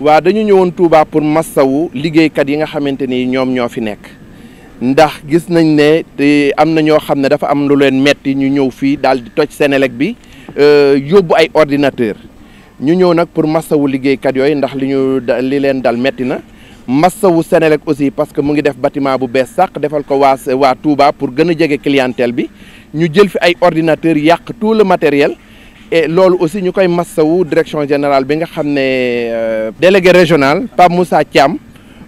waa dañu ñëwoon Touba pour massawu liggéeykat yi nga xamante ni ñoom ñoo fi nekk ndax gis nañ ne te am na ñoo xam ne dafa am lu leen metti ñu ñëw fii daal di toj Senelec bi euh, yóbbu ay ordinateur ñu ñëw nag pour massawu liggéeykat yooyu ndax li ñu li leen dal metti na massawu Senelec aussi parce que mu ngi def bâtiment bu bees sàq defal ko waa waa Touba pour gën a jege clientèle bi ñu jël fi ay ordinateur yàq tout le matériel loolu aussi ñu koy massawu direction général bi nga xam ne euh, délégué régional Pape Moussa Thiam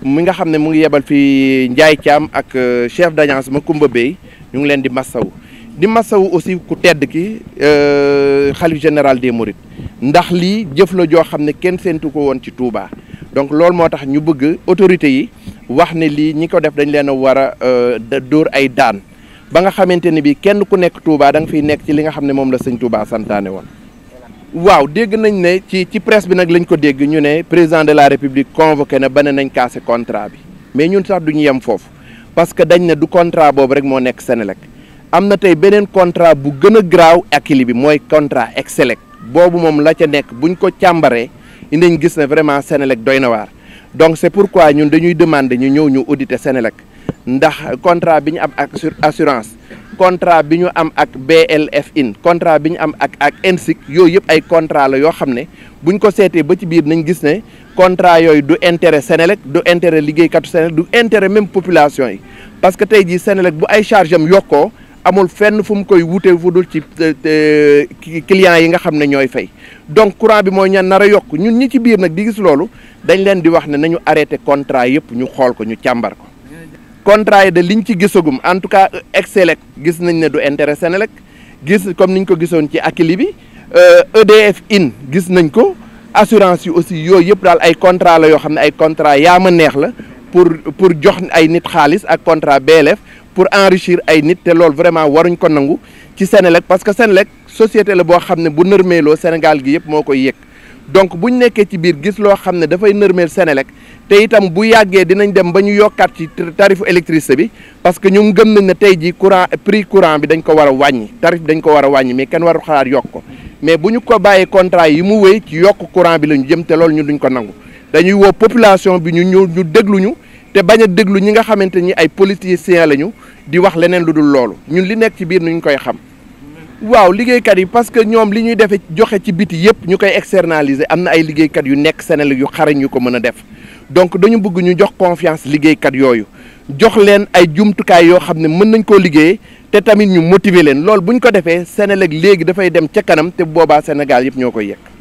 mi nga xam ne mu ngi yebal fi Ndiaye Thiam ak euh, chef ma Macoumba Bey ñu ngi leen di massawu di massawu aussi ku tedd ki euh, xalif général des Mourides ndax lii jëf la joo xam ne kenn séentu ko woon ci Touba donc loolu moo tax ñu bëgg autorités yi wax ne lii ñi ko def dañ leen a war a dóor ay daan ba nga xamante ni bii kenn ku nekk Touba da nga fiy nekk ci li nga xam ne moom la sëñ Touba santaane woon. waaw dégg nañ ne ci ci presse bi nag lañ ko dégg ñu ne président de la république convoqué na ba ne nañ kaase contrat bi mais ñun sax du ñu yem foofu parce que dañ ne du contrat boobu rek moo nekk Senelec am na tey beneen contrat bu gën a graaw ak li bi mooy contrat Excelec boobu moom la ca nekk buñ ko càmbaree indañ gis ne vraiment Senelec doy na waar donc c'est pourquoi ñun dañuy demander ñu ñëw ñu auditer Senelec ndax contrat bi ñu am ak assurance contrat bi ñu am ak BLF in contrat bi ñu am ak ak ENSIC yooyu yëpp ay contrat la yoo xam ne bu ñu ko seetee ba ci biir nañ gis ne contrat yooyu du intérêt Sénélec du intérêt liggéeykatu Sénélec du intérêt même population yi parce que tey jii Sénélec bu ay charge am yokkoo amul fenn fu mu koy wute fu dul ci clients yi nga xam ne ñooy fay donc courant bi mooy ñan nar a yokk ñun ñi ci biir nag di gis loolu dañ leen di wax ne nañu arrêté contrat yëpp ñu xool ko ñu càmbar ko contrat yi de liñ ci gisagum en tout cas Excelec gis nañ ne du intérêt Senelec gis comme niñ ko gisoon ci Akili bi EDF euh, e in gis nañ ko assurance yi aussi yooyu yëpp daal ay contrat la yoo xam ne ay contrat yaa ma neex la pour pour jox ay nit xaalis ak contrat BLF pour enrichir ay nit te loolu vraiment waruñ ko nangu ci Senelec parce que Senelec société la boo xam ne bu nërmeeloo Sénégal gi yëpp moo koy yëg donc bu ñu nekkee ci biir gis loo xam ne dafay nërmeel Senelec te itam bu yàggee dinañ dem ba ñu yokkaat ci tarifu électricité bi parce que ñun gëm nañ ne tey jii courant prix courant bi dañ ko war a wàññi tarif dañ ko war a wàññi mais kenn waru xalaat yokk ko mais bu ñu ko bàyyi contrat yi mu wéy ci yokk courant bi la ñu jëm te loolu ñu duñ ko nangu dañuy woo population bi ñu ñu ñu dégluñu te bañ a déglu ñi nga xamante ni ay politiciens lañu di wax leneen lu dul loolu ñun li nekk ci biir nuñ koy xam waaw liggéeykat yi parce que ñoom li ñuy defee joxe ci biti yëpp ñu koy externaliser am na ay liggéeykat yu nekk Senelec yu xarañ ñu ko mën a def donc dañu bëgg ñu jox confiance liggéeykat yooyu jox leen ay jumtukaay yoo xam ne mën nañ koo liggéey te tamit ñu motiver leen loolu bu ñu ko defee Senelec léegi dafay dem ca kanam te boobaa Sénégal yëpp ñoo koy yegg